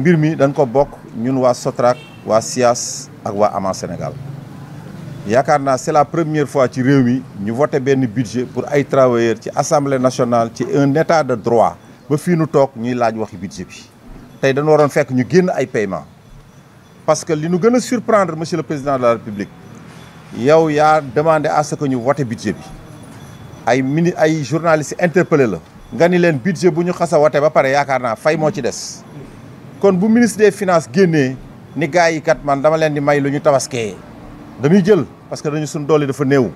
mbir mi dañ ko bokk ñun waa Sotrac waa SIAS ak waa amant Sénégal yaakaar naa c'est la première fois ci réew mi ñu voté benn budget pour ay travailleurs ci assemblée nationale ci un état de droit ba fi nu toog ñuy laaj waxi budget bi tey dañu waroon fekk ñu génn ay paiement parce que li ñu gën a surprendre monsieur le président de la république yow yaa demandé à ce ñu voté budget bi ay mini ay journalistes interpellé la nga ni leen budget bu ñu xas a ba pare yaakaar naa fay moo ci des kon bu ministre des finances génnee ni gars yi kat man dama leen di may lu ñu tabaskee dañuy jël parce que dañu suñ doole dafa néew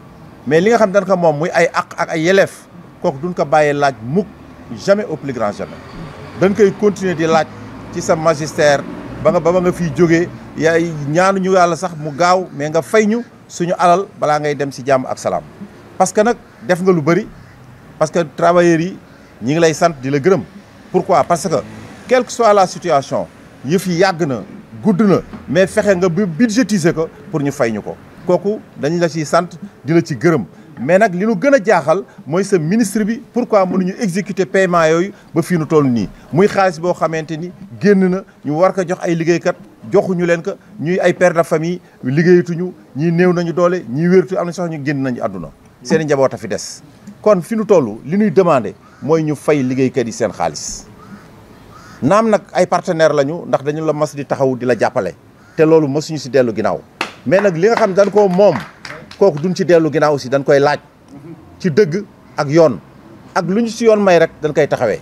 mais li nga xam dan ko moom muy ay àq ak ay yeleef kooku duñ ko bàyyee laaj mukk jamais au plus grand jamais dañ koy continuer di laaj ci sa magistère ba nga ba nga fiy jóge yaay ñaanu ñu yàlla sax mu gaaw mais nga fay ñu suñu alal balaa ngay dem si jàmm ak salaam def nga lu bëri parce que travailleurs yi ñi ngi lay sant di la gërëm pour pourquoi parce que quelle que soit la situation yëf yi yàgg na gudd na mais fexe nga bu budgétiser ko pour ñu fay ñu ko kooku dañ la ciy sant di la ci gërëm mais nag li nu gën a jaaxal mooy sa ministre bi pour pourquoi ñu exécuter payment yooyu ba fii nu toll nii muy xaalis boo xamante ni génn na ñu war ko jox ay liggéeykat joxuñu leen ko ñuy ay père de famille liggéeyatuñu ñii néew nañu doole ñii wértu am na sax ñu génn nañu àdduna seen i njaboot a fi des kon fi nu tollu li ñuy demande mooy ñu fay liggéey kër yi seen xaalis naam nag ay partenaire lañu ndax dañu la mas di taxaw di la jàppale te loolu masuñu si dellu ginnaaw mais nag li nga xam dañ koo moom kooku duñ ci dellu ginnaaw aussi dañ koy laaj ci dëgg ak yoon ak lu ñu si yoon may rek dañ koy taxawee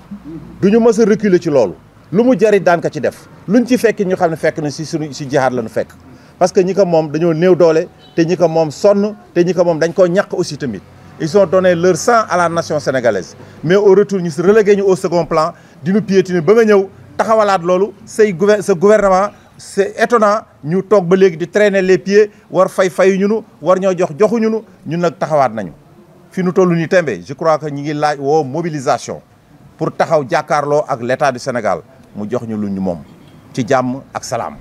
ñu mës a reculer ci loolu lu mu jari daan ko ci def lu luñ ci fekk ñu xam ne fekk na si suñu si jihaad la ñu fekk parce que ñi ko moom dañoo néew doole te ñi ko moom sonn te ñi ko moom dañ koo ñàkk aussi tamit ils ont donné leur sang à la nation sénégalaise mais au retour ñu si relégué ñu au second plan di ñu piétiner ba nga ñëw taxawalaat loolu sey gouver sa gouvernement c'est étonnant ñu toog ba léegi di traîner les pieds war fay fay ñu nu war ñoo jox joxuñu nu ñun nag taxawaat nañu fi nu toll nii tembe je crois que ñu ngi laaj woo mobilisation pour taxaw jàkkaarloo ak l'état du Sénégal mu jox ñu lu ñu moom ci jàmm ak salaam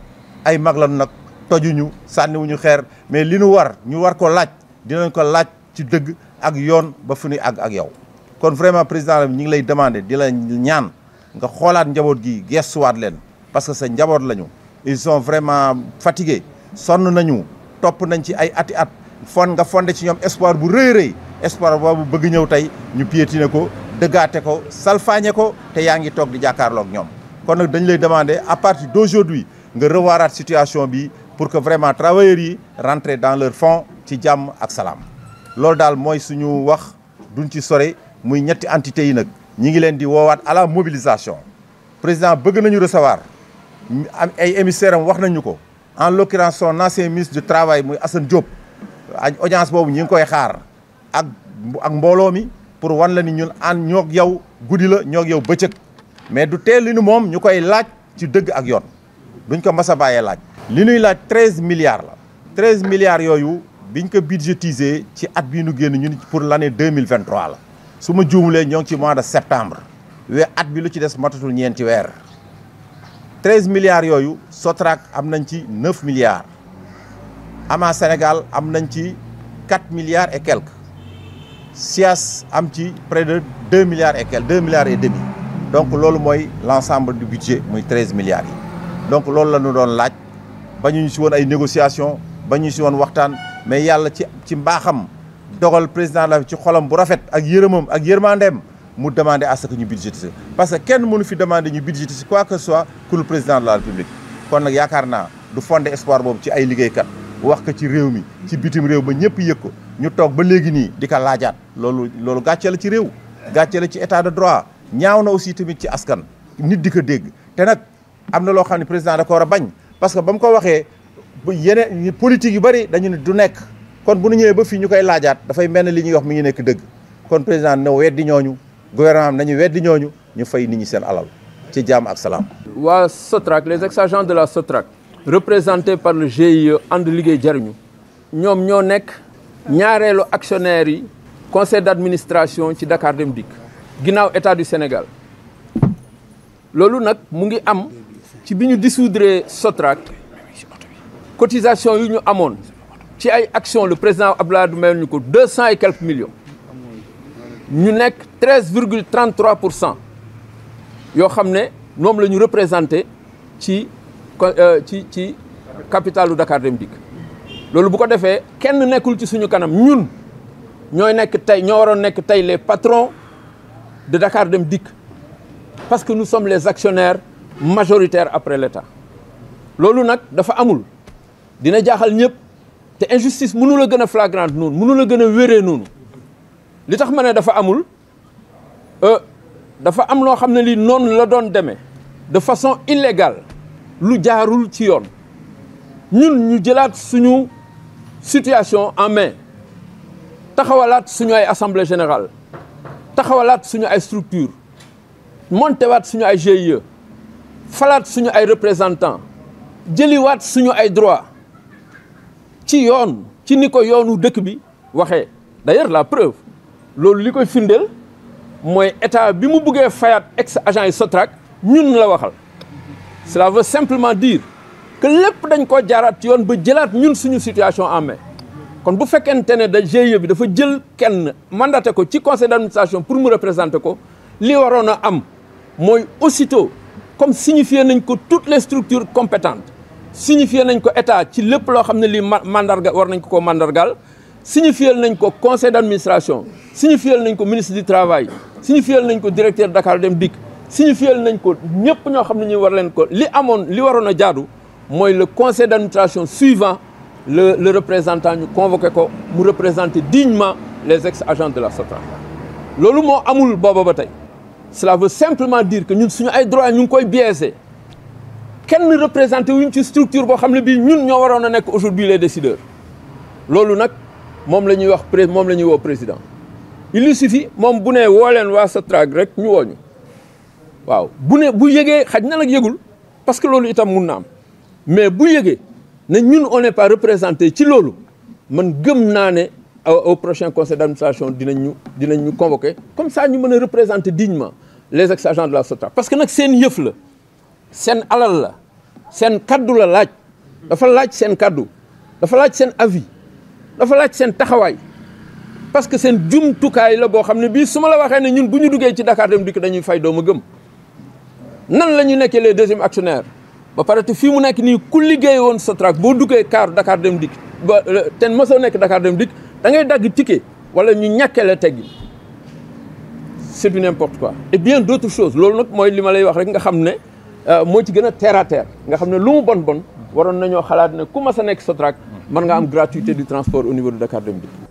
ay mag lañu nag tojuñu sànniwuñu xeer mais li nu war ñu war ko laaj dinañ ko laaj ci dëgg ak yoon ba fu ñuy àgg ak yow kon vraiment président bi ñu ngi lay demandé di la ñaan nga xoolaat njaboot gi gestuwaat leen parce que sa njaboot lañu ils son vraiment fatigués sonn nañu topp nañ ci ay ati at fon nga fondé ci ñoom espoir bu rëy rëy espoir boobu bëgg ñëw tey ñu piétiné ko dëggaate ko salfaañe ko te yaa ngi toog di jàkkaarloog ñoom kon nag dañ lay demandé à do d'aujourd'hui nga revoiraat situation bi pour que vraiment travailleurs yi rentre dans leur fonds ci jàmm ak salaam loolu daal mooy suñu wax duñ ci sore muy ñetti entités yi nag ñi ngi leen di woowaat à mobilisation président bëgg nañu recevoir am ay émissaires am wax nañu ko en l'occurrence son ancien ministre du travail muy Assane Diop ak audience boobu ñi ngi koy xaar ak ak mbooloo mi pour wan la ni ñun ànd ñoog yow guddi la ñoog yow bëccëg mais du teel li nu moom ñu koy laaj ci dëgg ak yoon duñ ko mas a bàyyee laaj li ñuy laaj treize milliards la treize milliards yooyu biñ ko budgétisé ci at bii nu génn ñu ñun pour l'année deux mille vingt trois la su ma juumulee ñoo ngi ci mois de septembre we at bi lu ci des matatul ñeenti weer treize milliards yooyu Sotrac am nañ ci neuf milliards Ama Sénégal am nañ ci quatre milliards et quelques SIAS am ci près de deux milliards et quelques deux milliards et demi donc loolu mooy l'ensemble du budget muy treize milliards yi donc loolu la ñu doon laaj. bañuñu si woon ay négociation bañuñu si woon waxtaan mais yàlla ci ci mbaaxam dogal président la ci xolam bu rafet ak yërëmam ak yërmandeem mu demande à ce que ñu budgétiser parce que kenn mënu fi demande ñu budgétiser quoi que ce soit que le président de la république kon nag yaakaar na du fondé espoir boobu ci ay liggéeykat wax ka ci réew mi ci bitim réew ba ñëpp yëg ko ñu toog ba léegi nii di ko laajaat loolu loolu gàcce la ci réew gàcce la ci état de droit ñaaw na aussi tamit ci askan nit di ko dégg te nag am na loo xam ne président da ko a bañ parce que ba mu ko waxee yeneen politique yu bari dañu ne du nekk kon bu nu ñëwee ba fii ñu koy laajaat dafay mel ne li ñuy wax mi ngi nekk dëgg kon président na weddi ñooñu gouvernement am nañu weddi ñooñu ñu fay nit ñi seen alal ci jàmm ak salaam. waa SOTRAC les ex de la SOTRAC représentés par le GIE ànd liggéey jariñu ñoom ñoo nekk ñaareelu actionnaire yi conseil d'administration ci Dakar Dem Dikk ginnaaw état du Sénégal loolu nag mu ngi am. ci bi ñu dissoudre Sotrac cotisation yu ñu amoon ci ay action le président Abdoulaye Wade mayoon ñu ko deux cent et quelques ñu nekk treize virgule trente pour cent yoo xam ne moom la ñu représenté ci euh, ci ci capitalu Dakar Dem Dikk loolu bu ko defee kenn nekkul ci suñu kanam ñun ñooy nekk tey ñoo waroon nekk tey les patrons de Dakar Dem Dikk parce que nous sommes les actionnaires majoritaire après l'État loolu nag dafa amul dina jaaxal ñëpp te injustice mënu la gën a flagrante noonu mënu la gën a wéree noonu li tax ma ne dafa amul euh, dafa am loo xam ne lii noonu la doon demee de façon illégale lu jaarul ci yoon ñun ñu jëlaat suñu situation en main taxawalaat suñu ay assemblée général taxawalaat suñu ay structure montewaat suñu ay GIE falaat suñu ay représentants jëliwaat suñu ay droits ci yoon ci ni ko yoonu dëkk bi waxee d'ailleurs la preuve loolu li koy firndeel mooy état bi mu buggee fayaat ex agent yi Sotrac ñun la waxal cela veut simplement dire que lépp dañ koo jaaraat ci yoon ba jëlaat ñun suñu situation en kon bu fekkente ne da GIE bi dafa jël kenn mandaté ko ci conseil d'administration pour mu représenter ko li waroon a am mooy aussitôt comme signifié nañ ko toutes les structures compétentes signifié nañ ko état ci lépp loo xam ne lii mandarga war nañ ko koo mandargal signifié nañ ko conseil d'administration signifié nañ ko ministre du travail signifié nañ ko directeur Dakar Dem Dikk signifié nañ ko ñëpp ñoo xam ne ñi war leen ko li amoon li waroon a jaadu mooy le conseil d'administration suivant le le représentant ñu convoqué ko mu représenter dignement les ex-agents de la SOTRAC loolu moo amul booba ba tey cela veut simplement dire que ñun suñu ay droit ñu ngi koy biaisé kenn représenté wuñ ci structure boo xam ne bii ñun ñoo waroon a nekk aujourd'hui les décideurs loolu nag moom la ñuy wax pré moom la ñuy woo président il si fi moom bu nee woo waa sa SATRAC rek ñu wooñu waaw bu ne bu yëgee xaj na nag yëgul parce que loolu itam mun na am mais bu yëgee ne ñun on n'est pas représenté ci loolu man gëm naa ne au prochain conseil d'administration dinañ ñu dinañ ñu convoqué comme ça ñu mën a représenter dignement les ex-agents de la SOTRAC parce que nag seen yëf la seen alal la seen kaddu la laaj dafa laaj seen kaddu dafa laaj seen avis dafa laaj seen taxawaay parce que seen jumtukaay la boo xam ne bii su ma la waxee ne ñun bu ñu duggee ci Dakar Dem Dikk dañuy fay doomu gëm nan la ñu nekkee les deuxième actionnaire ba pare te fii mu nekk nii ku liggéey woon SOTRAC boo duggee kaar Dakar Dem Dikk ba euh, ten mosoo nekk Dakar Dem Dikk da ngay dagg ticket wala ñu ñàkkee la teggi c'est du n'importe quoi et bien d'autres choses loolu nag mooy li ma lay wax rek nga xam ne euh, moo ci gën a terre à terre nga xam ne lu mu bon bon waroon nañoo xalaat ne ku mas sa nekk Sotrac mën nga am gratuité du transport au niveau de Dakar Dem Dikk